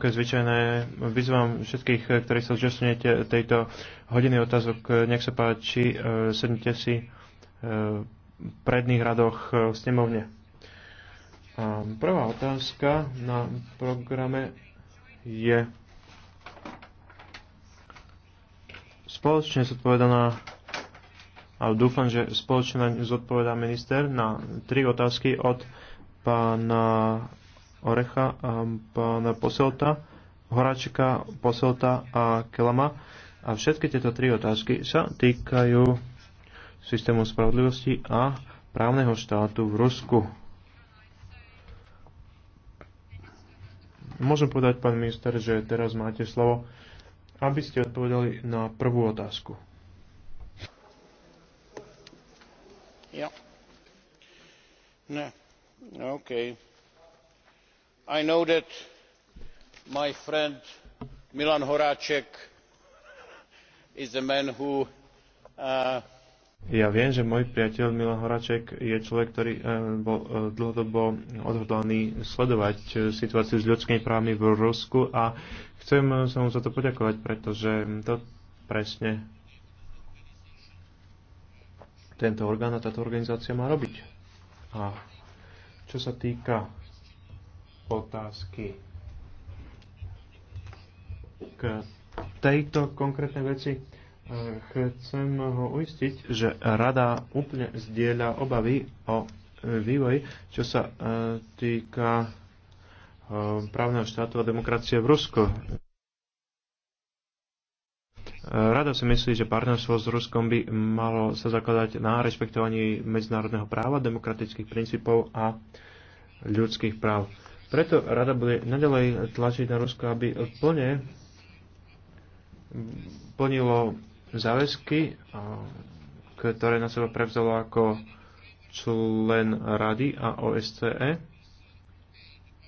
Ako je zvyčajné, vyzvám všetkých, ktorí sa zúčastňujete tejto hodiny otázok, nech sa páči, e, sednite si e, v predných radoch e, v snemovne. A prvá otázka na programe je spoločne zodpovedaná a dúfam, že spoločne zodpovedá minister na tri otázky od pána Orecha, ehm, pána Poselta, Horáčka, Poselta a Kelama. A všetky tieto tri otázky sa týkajú systému spravodlivosti a právneho štátu v Rusku. Môžem povedať, pán minister, že teraz máte slovo, aby ste odpovedali na prvú otázku. Ja. Ne. Okay i know that my friend milan horacek is a man who uh, ja viem, že môj priateľ Milan Horaček je človek, ktorý uh, bol uh, dlhodobo odhodlaný sledovať situáciu s ľudskými právami v Rusku a chcem sa mu za to poďakovať, pretože to presne tento orgán a táto organizácia má robiť. A čo sa týka otázky k tejto konkrétnej veci. Chcem ho uistiť, že rada úplne zdieľa obavy o vývoj, čo sa e, týka e, právneho štátu a demokracie v Rusku. Rada si myslí, že partnerstvo s Ruskom by malo sa zakladať na rešpektovaní medzinárodného práva, demokratických princípov a ľudských práv. Preto rada bude nadalej tlačiť na Rusko, aby plne plnilo záväzky, ktoré na seba prevzalo ako člen rady a OSCE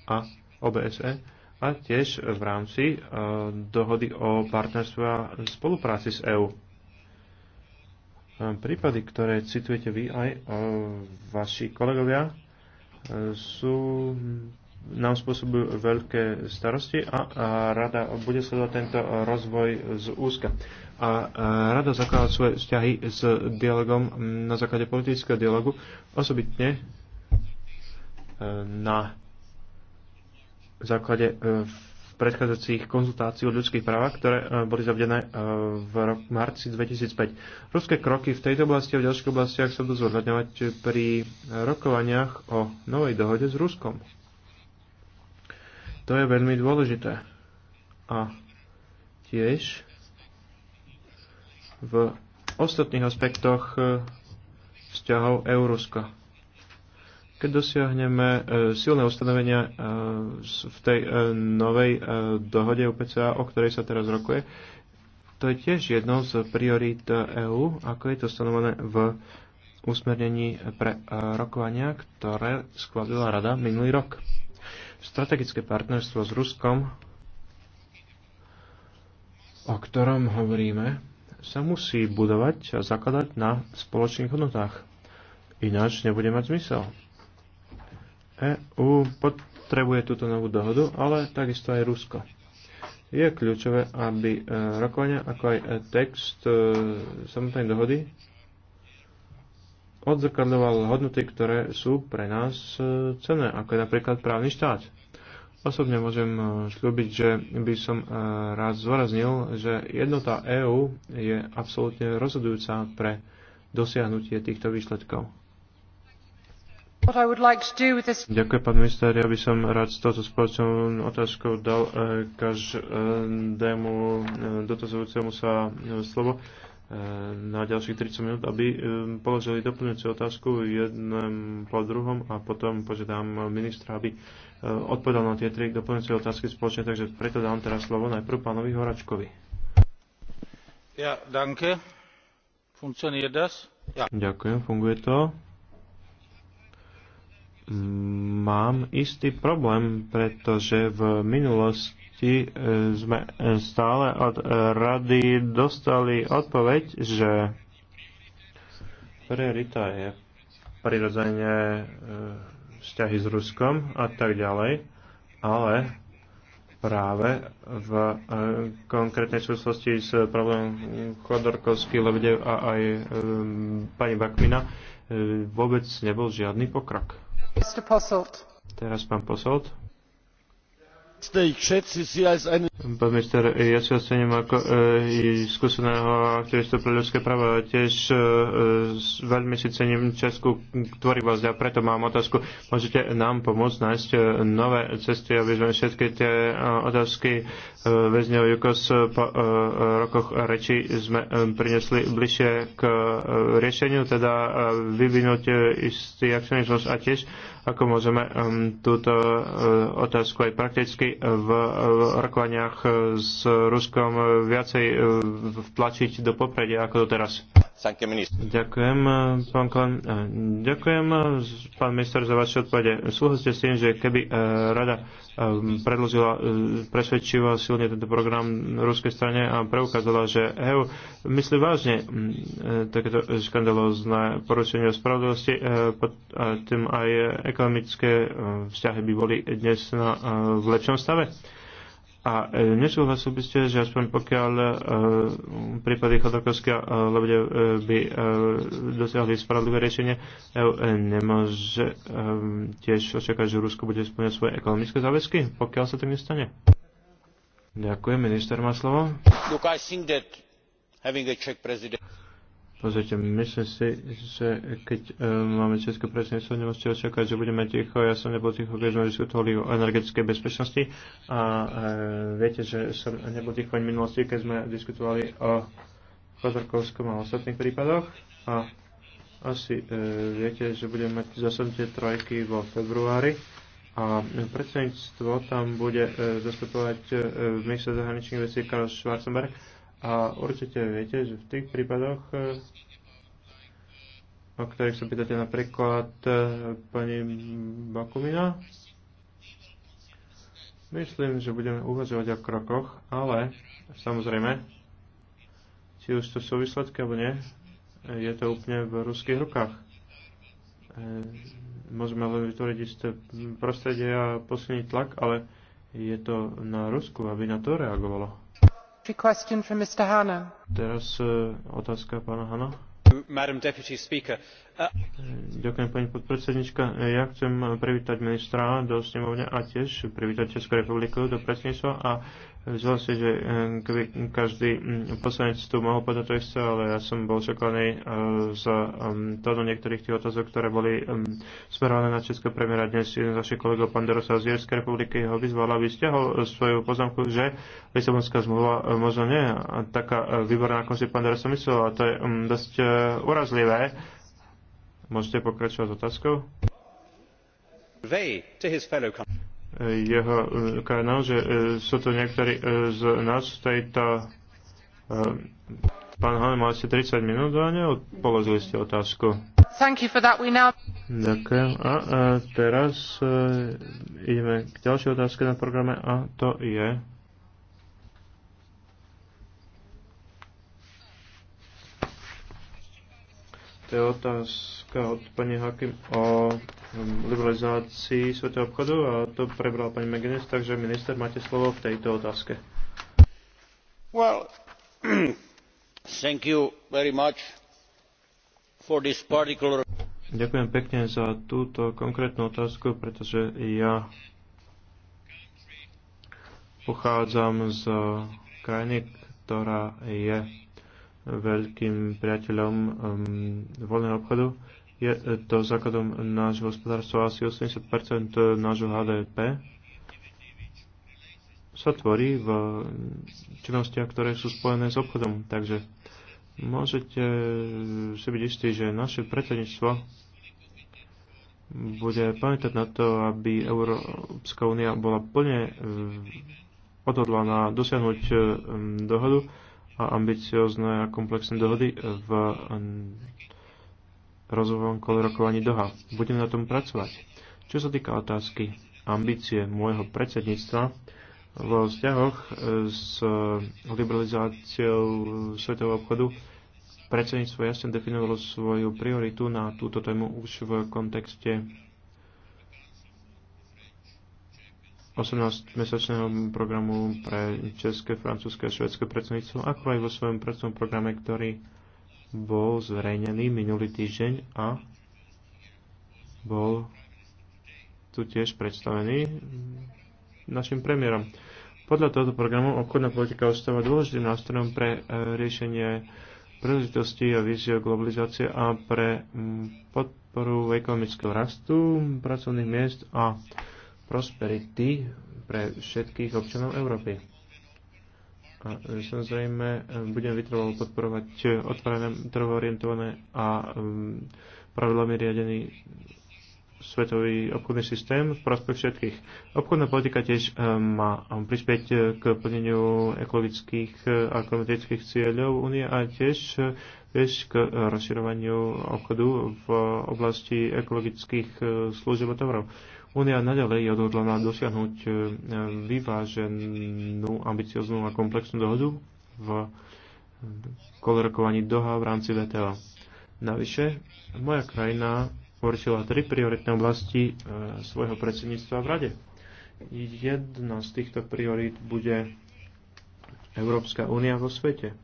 a OBSE a tiež v rámci dohody o partnerstve a spolupráci s EÚ. Prípady, ktoré citujete vy aj vaši kolegovia, sú nám spôsobujú veľké starosti a, rada bude sledovať tento rozvoj z úzka. A, rada zakladá svoje vzťahy s dialogom na základe politického dialogu, osobitne e, na základe e, predchádzajúcich konzultácií o ľudských právach, ktoré e, boli zavdené v marci 2005. Ruské kroky v tejto oblasti a v ďalších oblastiach sa budú zohľadňovať pri rokovaniach o novej dohode s Ruskom. To je veľmi dôležité. A tiež v ostatných aspektoch e, vzťahov Eurusko. Keď dosiahneme e, silné ustanovenia e, v tej novej dohode UPCA, o ktorej sa teraz rokuje, to je tiež jednou z priorít EÚ, ako je to stanovené v usmernení pre rokovania, ktoré schválila Rada minulý rok strategické partnerstvo s Ruskom, o ktorom hovoríme, sa musí budovať a zakladať na spoločných hodnotách. Ináč nebude mať zmysel. EU potrebuje túto novú dohodu, ale takisto aj Rusko. Je kľúčové, aby e, rokovania, ako aj e, text e, samotnej dohody odzrkadľoval hodnoty, ktoré sú pre nás e, cené, ako je napríklad právny štát. Osobne môžem e, slúbiť, že by som e, rád zvoraznil, že jednota EÚ je absolútne rozhodujúca pre dosiahnutie týchto výsledkov. Like Ďakujem, pán minister. Ja by som rád s touto spoločnou otázkou dal každému dotazujúcemu sa slovo. Eh, na ďalších 30 minút, aby eh, položili doplňujúcu otázku jednom po druhom a potom požiadam ministra, aby eh, odpovedal na tie tri doplňujúce otázky spoločne, takže preto dám teraz slovo najprv pánovi Horačkovi. Ja, danke. Funkcionuje das? Ja. Ďakujem, funguje to. Mm, mám istý problém, pretože v minulosti minulosti e, sme e, stále od rady dostali odpoveď, že priorita je prirodzene e, vzťahy s Ruskom a tak ďalej, ale práve v konkrétnej súvislosti s problémom Chodorkovský, Lebedev a aj pani Bakmina vôbec nebol žiadny pokrok. Teraz pán Posolt. Pán minister, ja si ocením ako e, skúseného aktivistu pre ľudské práva tiež e, veľmi si cením Českú tvorivosť a preto mám otázku. Môžete nám pomôcť nájsť e, nové cesty, aby sme všetky tie e, otázky e, väzňov Jukos po e, rokoch reči sme e, prinesli bližšie k e, riešeniu, teda e, vyvinúť e, istý akcionizmus a tiež e, ako môžeme um, túto uh, otázku aj prakticky v rokovaniach s Ruskom viacej uh, vtlačiť do popredia ako doteraz. Ďakujem, eh, pán eh, Ďakujem, eh, pán minister, za vaše odpovede. Súhlasíte s tým, že keby rada predložila presvedčivo silne tento program ruskej strane a preukázala, že EU myslí vážne mm, takéto škandalozné porušenie spravodlivosti, tým aj ekonomické vzťahy by boli dnes na, v lepšom stave? A e, nesúhlasil by ste, že aspoň pokiaľ e, prípady Chodorkovského e, lebo e, by e, dosiahli spravodlivé riešenie, e, e, nemôže e, tiež očakať, že Rusko bude splňať svoje ekonomické záväzky, pokiaľ sa to nestane? Ďakujem, minister má slovo. Look, I think that having a Czech president... Pozrite, myslím si, že keď um, máme České predsedníctvo, nemôžete očakávať, že budeme ticho. Ja som nebol ticho, keď sme diskutovali o energetickej bezpečnosti. A e, viete, že som nebol ticho v minulosti, keď sme diskutovali o Chodorkovskom a ostatných prípadoch. A asi e, viete, že budeme mať zasadnutie trojky vo februári. A predsedníctvo tam bude e, zastupovať e, minister zahraničných vecí Karol Schwarzenberg a určite viete, že v tých prípadoch, e, o ktorých sa pýtate napríklad e, pani Bakumina, myslím, že budeme uvažovať o krokoch, ale samozrejme, či už to sú výsledky alebo nie, je to úplne v ruských rukách. E, môžeme len vytvoriť isté prostredie a posilniť tlak, ale je to na Rusku, aby na to reagovalo. E, uh, Ďakujem pani podpredsednička. E, ja chcem privítať ministra do snemovne a tiež privítať Českú republiku do predsedníctva a Zdalo si, že eh, keby každý mm, poslanec tu mohol povedať to isté, ale ja som bol šokovaný eh, z mm, tónu niektorých tých otázok, ktoré boli mm, smerované na Českého premiéra. Dnes jeden z vašich kolegov, pán Dorosa z Jerskej republiky, ho vyzval, aby stiahol eh, svoju poznámku, že Lisabonská zmluva možno nie taká výborná, ako si pán Dorosa myslel, a to je dosť urazlivé. Môžete pokračovať s otázkou? jeho e, kanál, že e, sú to niektorí e, z nás v tejto... Pán Hane, Han, máte 30 minút a neodpoložili ste otázku. Thank you for that. We now... Ďakujem. A, a teraz e, ideme k ďalšej otázke na programe a to je... To je otázka od pani Hakim o liberalizácii svetového obchodu a to prebrala pani McGuinness, takže minister, máte slovo v tejto otázke. Well, thank you very much for this particular... Ďakujem pekne za túto konkrétnu otázku, pretože ja pochádzam z krajiny, ktorá je veľkým priateľom um, voľného obchodu je to základom nášho hospodárstva asi 80 nášho HDP sa tvorí v činnostiach, ktoré sú spojené s obchodom. Takže môžete si byť istí, že naše predsedníctvo bude pamätať na to, aby Európska únia bola plne eh, odhodlaná dosiahnuť eh, dohodu a ambiciozne a komplexné dohody v eh, rozvojom kolorokovaní Doha. Budem na tom pracovať. Čo sa týka otázky ambície môjho predsedníctva vo vzťahoch e, s liberalizáciou svetového obchodu, predsedníctvo jasne definovalo svoju prioritu na túto tému už v kontexte 18-mesačného programu pre české, francúzske a švedské predsedníctvo, ako aj vo svojom pracovnom programe, ktorý bol zverejnený minulý týždeň a bol tu tiež predstavený našim premiérom. Podľa tohto programu obchodná politika ostáva dôležitým nástrojom pre e, riešenie príležitostí a vízie globalizácie a pre podporu ekonomického rastu, pracovných miest a prosperity pre všetkých občanov Európy samozrejme eh, budem vytrvalo podporovať eh, otvorené, trhovorientované a mm, pravidlami riadený svetový obchodný systém v prospech všetkých. Obchodná politika tiež eh, má prispieť k plneniu ekologických a klimatických cieľov únie a tiež tiež k rozširovaniu obchodu v oblasti ekologických služieb a tovarov. Únia naďalej je odhodlaná dosiahnuť e, vyváženú, ambicioznú a komplexnú dohodu v kolorokovaní Doha v rámci VTO. Navyše, moja krajina určila tri prioritné oblasti e, svojho predsedníctva v Rade. Jedna z týchto priorít bude Európska únia vo svete.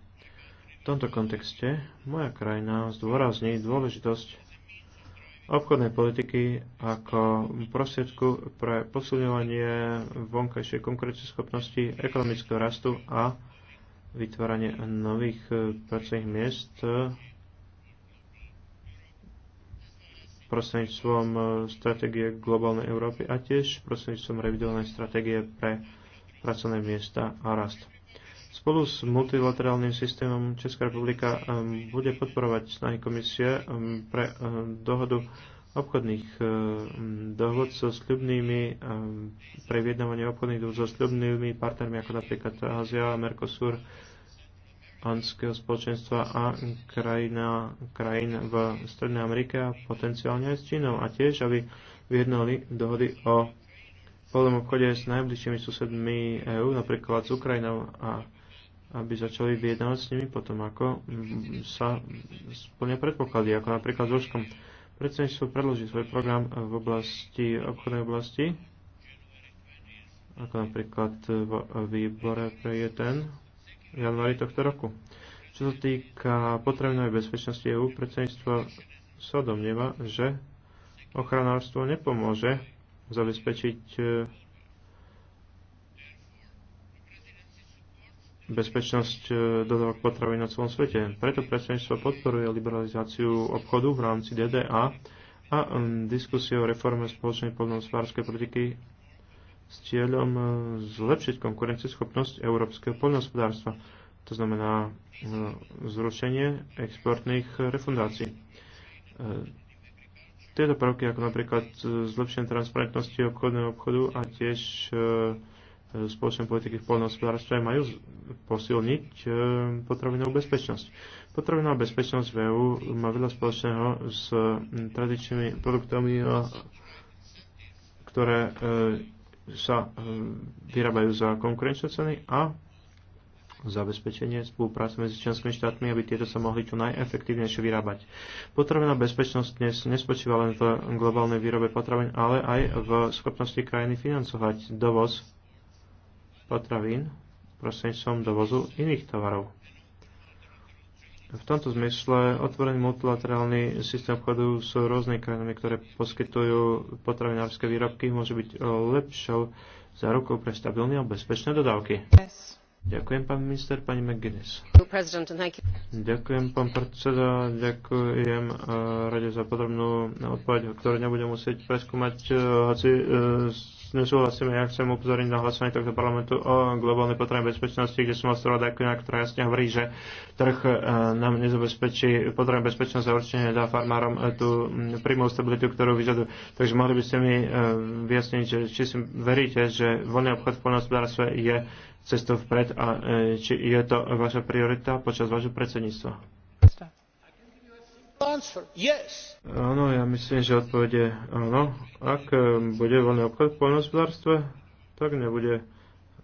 V tomto kontexte moja krajina zdôrazní dôležitosť obchodnej politiky ako prostriedku pre posilňovanie vonkajšej konkurencieschopnosti, ekonomického rastu a vytváranie nových pracovných miest prostredníctvom stratégie globálnej Európy a tiež prostredníctvom revidovanej stratégie pre pracovné miesta a rast. Spolu s multilaterálnym systémom Česká republika um, bude podporovať snahy komisie um, pre um, dohodu obchodných uh, dohod so sľubnými, pre vyjednávanie obchodných dohod so sľubnými partnermi ako napríklad Ázia, Mercosur, anského spoločenstva a krajina, krajín v Strednej Amerike a potenciálne aj s Čínou. A tiež, aby vyjednali dohody o voľnom obchode s najbližšími susedmi EÚ, napríklad s Ukrajinou a aby začali vyjednávať s nimi potom, ako mm, sa splnia predpoklady, ako napríklad s Ruskom. Predsedníctvo predloží svoj program v oblasti, obchodnej oblasti, ako napríklad v výbore pre JTN v januári tohto roku. Čo sa týka potrebnej bezpečnosti EU, predsedníctvo sa domnieva, že ochranárstvo nepomôže zabezpečiť e, bezpečnosť e, dodávok potravín na celom svete. Preto predsedníctvo podporuje liberalizáciu obchodu v rámci DDA a diskusie o reforme spoločnej poľnohospodárskej politiky s cieľom e, zlepšiť konkurencieschopnosť európskeho poľnohospodárstva. To znamená e, zrušenie exportných refundácií. Tieto prvky, ako napríklad zlepšenie transparentnosti obchodného obchodu a tiež spoločné politiky v poľnohospodárstve majú posilniť e, potravinovú bezpečnosť. Potravinová bezpečnosť v EÚ má veľa spoločného s tradičnými produktami, ktoré e, sa e, vyrábajú za konkurenčné ceny a zabezpečenie spolupráce medzi členskými štátmi, aby tieto sa mohli čo najefektívnejšie vyrábať. Potravená bezpečnosť dnes nespočíva len v globálnej výrobe potravín, ale aj v schopnosti krajiny financovať dovoz potravín prostredníctvom dovozu iných tovarov. V tomto zmysle otvorený multilaterálny systém obchodu s rôznymi krajinami, ktoré poskytujú potravinárske výrobky, môže byť e, lepšou zárukou pre stabilné a bezpečné dodávky. Yes. Ďakujem, pán minister, pani McGuinness. Ďakujem, pán predseda, ďakujem uh, rade za podrobnú odpoveď, ktorú nebudem musieť preskúmať, uh, hoci uh, eh, nesúhlasíme. Ja chcem upozorniť na hlasovanie tohto parlamentu o globálnej potrebe bezpečnosti, kde som ostroval ďakujem, ktorá jasne hovorí, že trh nám nezabezpečí potrebu bezpečnosť a určite nedá farmárom tú mm, prímú stabilitu, ktorú vyžadujú. Takže mohli by ste mi vyjasniť, že či si veríte, že voľný obchod v poľnohospodárstve je cestou vpred a e, či je to vaša priorita počas vášho predsedníctva? Áno, ja myslím, že odpovede je áno. Ak e, bude voľný obchod v poľnohospodárstve, tak nebude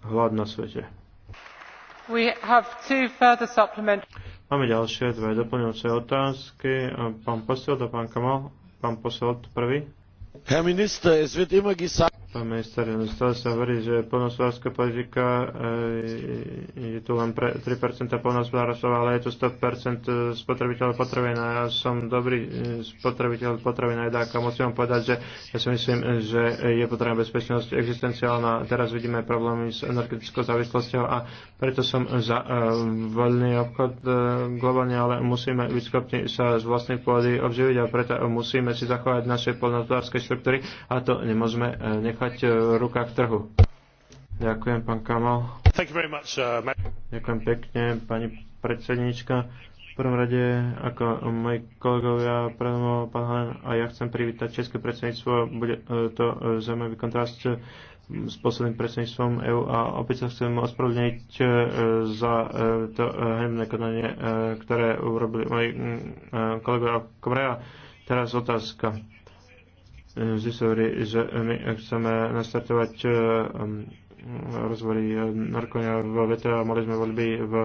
hlad na svete. We have two further supplement. Máme ďalšie dve doplňujúce otázky. Pán posel a pán Kamal. Pán posel prvý. Herr Minister, es wird immer gesagt pán minister, stále sa hovorí, že polnospodárska politika e, je tu len pre 3% polnospodárstva, ale je to 100% spotrebiteľ potravín a ja som dobrý e, spotrebiteľ potravín aj dáka. musím vám povedať, že ja si myslím, že je potrebná bezpečnosť existenciálna. Teraz vidíme problémy s energetickou závislosťou a preto som za e, voľný obchod globálne, ale musíme byť schopní sa z vlastnej pôdy obživiť a preto musíme si zachovať naše polnospodárske štruktúry a to nemôžeme nechať nechať v e, trhu. Ďakujem, pán Kamal. Much, uh, Ďakujem pekne, pani predsednička. V prvom rade, ako moji kolegovia, prvom, pán Helen, a ja chcem privítať České predsedníctvo. Bude e, to e, zaujímavý kontrast s posledným predsedníctvom EÚ a opäť sa chcem ospravedlniť za to hnevné konanie, ktoré urobili moji mm, kolegovia Komreja. Teraz otázka že, eh, sa hovorí, že my chceme nastartovať eh, rozvory eh, narkonia v VTA, mali sme voľby v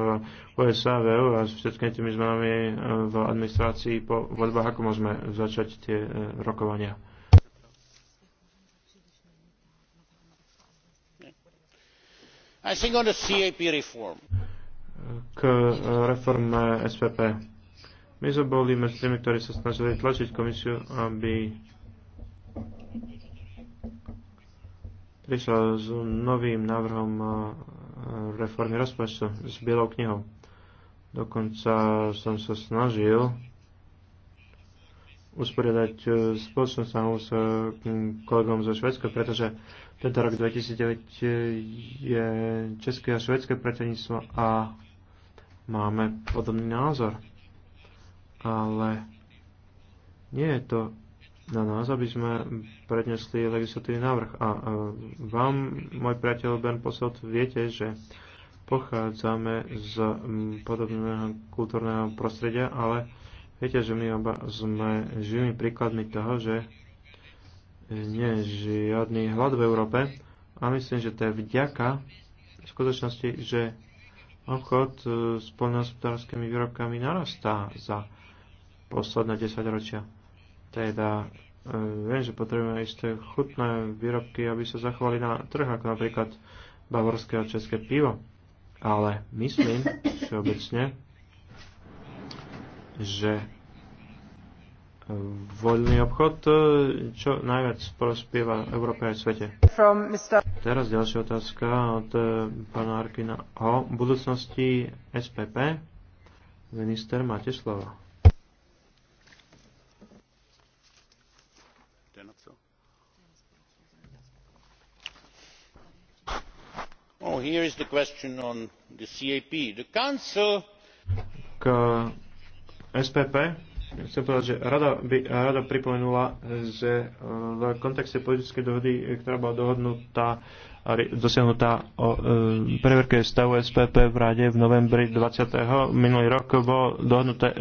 USA, v EU a s všetkými tými zmenami v administrácii po voľbách, ako môžeme začať tie rokovania? I think on the CAP reform. K reforme SPP. My sme boli medzi tými, ktorí sa snažili tlačiť komisiu, aby prišla s novým návrhom e, reformy rozpočtu, s bielou knihou. Dokonca som sa snažil usporiadať e, spoločnú snahu s e, kolegom zo Švedska, pretože tento rok 2009 je české a švedské predsedníctvo a máme podobný názor. Ale nie je to na nás, aby sme prednesli legislatívny návrh. A vám, môj priateľ Ben Posot, viete, že pochádzame z podobného kultúrneho prostredia, ale viete, že my oba sme živými príkladmi toho, že nie je žiadny hlad v Európe a myslím, že to je vďaka v skutočnosti, že obchod e, s poľnohospodárskymi výrobkami narastá za posledné 10 ročia. Teda e, viem, že potrebujeme isté chutné výrobky, aby sa zachovali na trh, ako napríklad bavorské a české pivo. Ale myslím všeobecne, že voľný obchod e, čo najviac prospieva Európe aj svete. Teraz ďalšia otázka od e, pána Arkina o budúcnosti SPP. Minister, máte slovo. Oh, K SPP chcem povedať, že rada by rada pripomenula, že eh, v kontexte politickej dohody, eh, ktorá bola dohodnutá a dosiahnutá o e, preverke stavu SPP v Rade v novembri 20. minulý rok bolo dohodnuté e,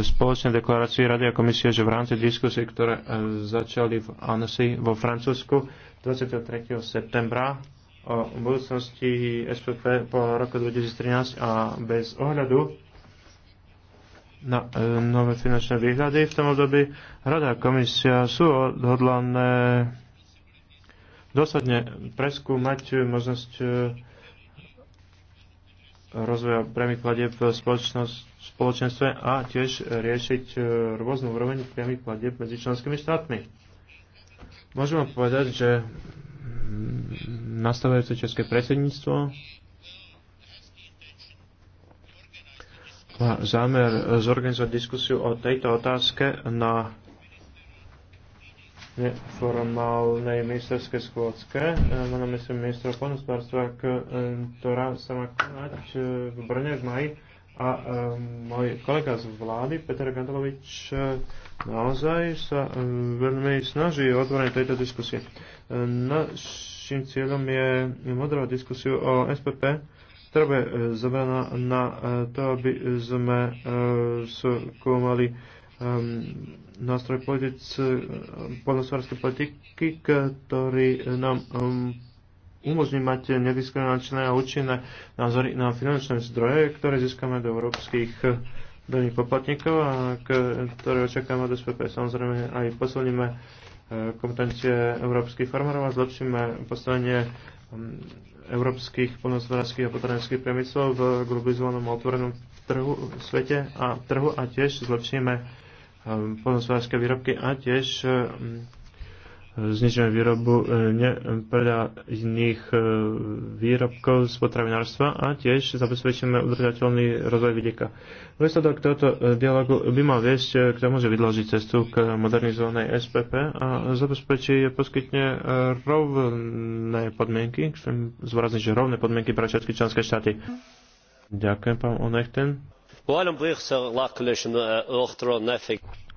spoločné deklarácii Rady a komisie, že v rámci diskusie, ktoré e, začali v Annecy vo Francúzsku 23. septembra o budúcnosti SPP po roku 2013 a bez ohľadu na e, nové finančné výhľady v tom období Rada a komisia sú odhodlané dosadne preskúmať možnosť e, rozvoja priamých platieb v spoločenstve a tiež riešiť e, rôznu úroveň priamých platieb medzi členskými štátmi. Môžeme povedať, že nastavujúce české predsedníctvo má zámer zorganizovať diskusiu o tejto otázke na neformálnej ministerskej schôdzke. Máme myslím ministra poľnohospodárstva, ktorá sa má konať e, v Brne v maji a e, môj kolega z vlády, Peter Gantalovič, e, naozaj sa e, veľmi snaží o otvorenie tejto diskusie. E, našim cieľom je moderovať diskusiu o SPP, ktorá bude e, zabraná na e, to, aby sme e, skúmali e, nástroj politic, podnosvárskej politiky, ktorý nám umožní mať nediskriminačné a účinné názory na finančné zdroje, ktoré získame do európskych daných poplatníkov a ktoré očakávame od SPP. Samozrejme aj posilníme e, kompetencie európskych farmárov a zlepšíme postavenie európskych poľnohospodárských a potravinských priemyslov v globalizovanom a otvorenom trhu, v svete a trhu a tiež zlepšíme e, poľnohospodárske výrobky a tiež znižujeme výrobu e, nepredajných e, výrobkov z potravinárstva a tiež zabezpečíme udržateľný rozvoj vidieka. Výsledok tohoto e, dialogu by mal viesť k tomu, že vydloží cestu k modernizovanej SPP a zabezpečí poskytne rovné podmienky, chcem zvorazniť, že rovné podmienky pre všetky členské štáty. Ďakujem, pán Onechten. Äh,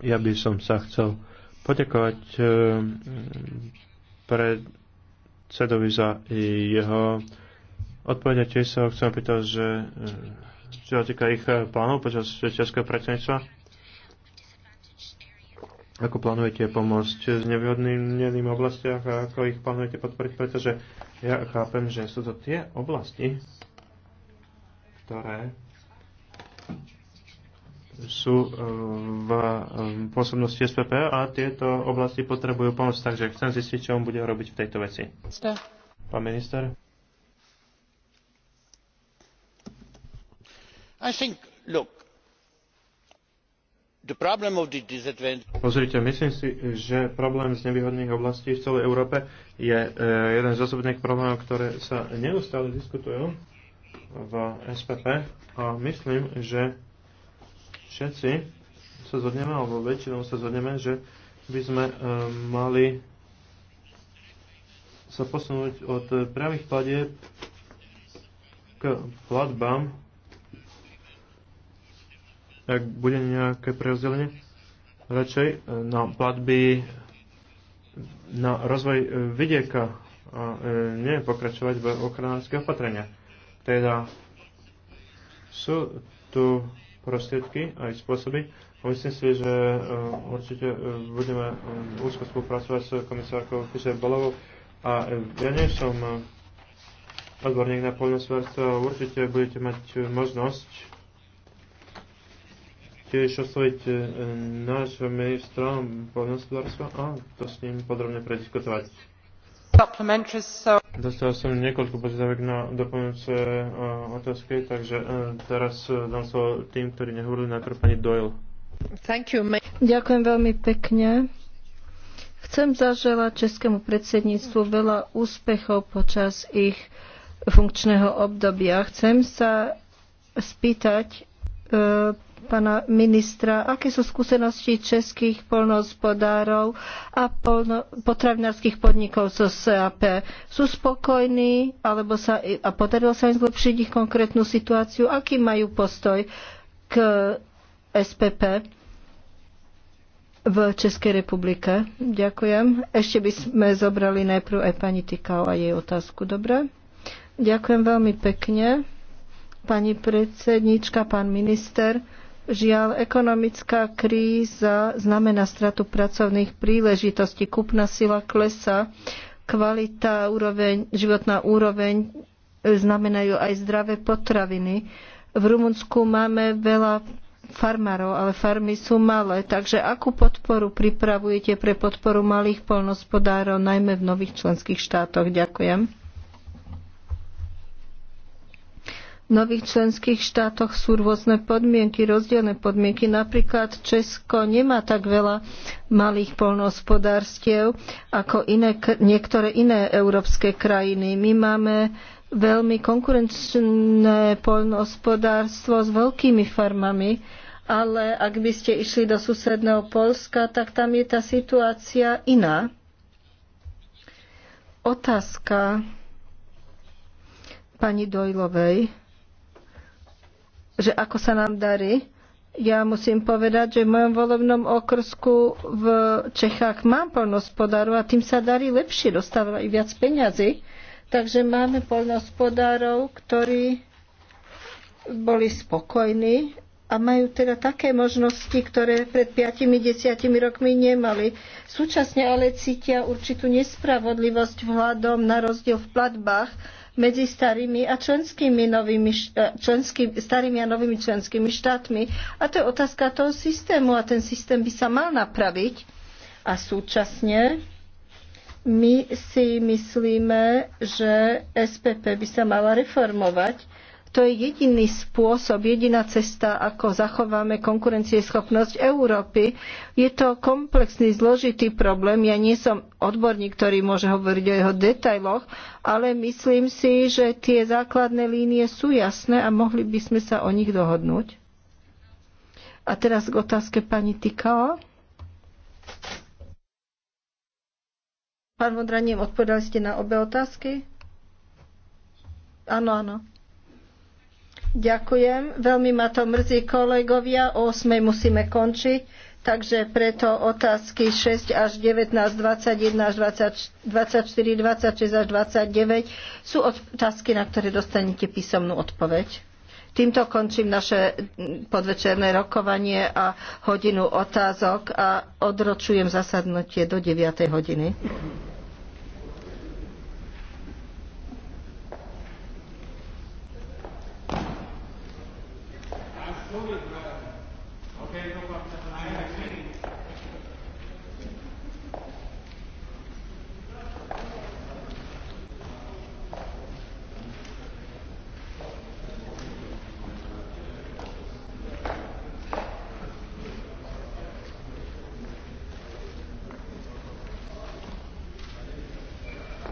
ja by som sa chcel poďakovať Cedovi eh, za jeho odpoveď. Tiež sa chcem pýtať, že eh, čo sa týka ich eh, plánov počas českého predsedníctva, ako plánujete pomôcť s nevyhodneným oblastiach a ako ich plánujete podporiť, pretože ja chápem, že sú to tie oblasti, ktoré sú eh, v eh, pôsobnosti SPP a tieto oblasti potrebujú pomoc, takže chcem zistiť, čo on bude robiť v tejto veci. Pán minister. I think, look, the problem of the disadvantage... Pozrite, myslím si, že problém z nevýhodných oblastí v celej Európe je eh, jeden z osobných problémov, ktoré sa neustále diskutujú v SPP a myslím, že všetci sa zhodneme, alebo väčšinou sa zhodneme, že by sme eh, mali sa posunúť od priamých platieb k platbám, ak bude nejaké prerozdelenie, radšej eh, na platby na rozvoj eh, vidieka a nie pokračovať v ochranárske opatrenia. Teda sú tu prostriedky aj spôsoby. Myslím si, že eh, určite eh, budeme eh, úzko spolupracovať s komisárkou Fischer Bolovou a ja nie som odborník na poľnosvárstvo, určite budete mať možnosť tiež osloviť náš ministra poľnosvárstva a to s ním podrobne prediskutovať. So... Dostal som niekoľko požiadavek na doplňujúce e, otázky, takže e, teraz e, dám slovo tým, ktorí nehovorili najprv pani Doyle. Thank you. Ďakujem veľmi pekne. Chcem zaželať Českému predsedníctvu veľa úspechov počas ich funkčného obdobia. Chcem sa spýtať E, pána ministra, aké sú skúsenosti českých polnohospodárov a polno, potravinárskych podnikov zo SAP. Sú spokojní alebo sa, a podarilo sa im zlepšiť ich konkrétnu situáciu? Aký majú postoj k SPP v Českej republike? Ďakujem. Ešte by sme zobrali najprv aj pani Tikau a jej otázku. Dobre? Ďakujem veľmi pekne pani predsednička, pán minister. Žiaľ, ekonomická kríza znamená stratu pracovných príležitostí. Kupná sila klesa, kvalita, úroveň, životná úroveň e, znamenajú aj zdravé potraviny. V Rumunsku máme veľa farmárov, ale farmy sú malé. Takže akú podporu pripravujete pre podporu malých poľnospodárov, najmä v nových členských štátoch? Ďakujem. nových členských štátoch sú rôzne podmienky, rozdielne podmienky. Napríklad Česko nemá tak veľa malých polnohospodárstiev ako iné, niektoré iné európske krajiny. My máme veľmi konkurenčné poľnohospodárstvo s veľkými farmami, ale ak by ste išli do susedného Polska, tak tam je tá situácia iná. Otázka pani Dojlovej že ako sa nám darí. Ja musím povedať, že v mojom volebnom okrsku v Čechách mám poľnohospodárov a tým sa darí lepšie, dostávajú aj viac peňazí. Takže máme poľnohospodárov, ktorí boli spokojní a majú teda také možnosti, ktoré pred 5-10 rokmi nemali. Súčasne ale cítia určitú nespravodlivosť vzhľadom na rozdiel v platbách, medzi starými a členskými, novými, e, členský, starými a novými členskými štátmi. A to je otázka toho systému a ten systém by sa mal napraviť. A súčasne my si myslíme, že SPP by sa mala reformovať to je jediný spôsob, jediná cesta, ako zachováme konkurencieschopnosť Európy. Je to komplexný, zložitý problém. Ja nie som odborník, ktorý môže hovoriť o jeho detailoch, ale myslím si, že tie základné línie sú jasné a mohli by sme sa o nich dohodnúť. A teraz k otázke pani Tikao. Pán Vondraniem, odpovedali ste na obe otázky? Áno, áno. Ďakujem. Veľmi ma to mrzí kolegovia. O 8. musíme končiť. Takže preto otázky 6 až 19, 21 až 20, 24, 26 až 29 sú otázky, na ktoré dostanete písomnú odpoveď. Týmto končím naše podvečerné rokovanie a hodinu otázok a odročujem zasadnutie do 9. hodiny.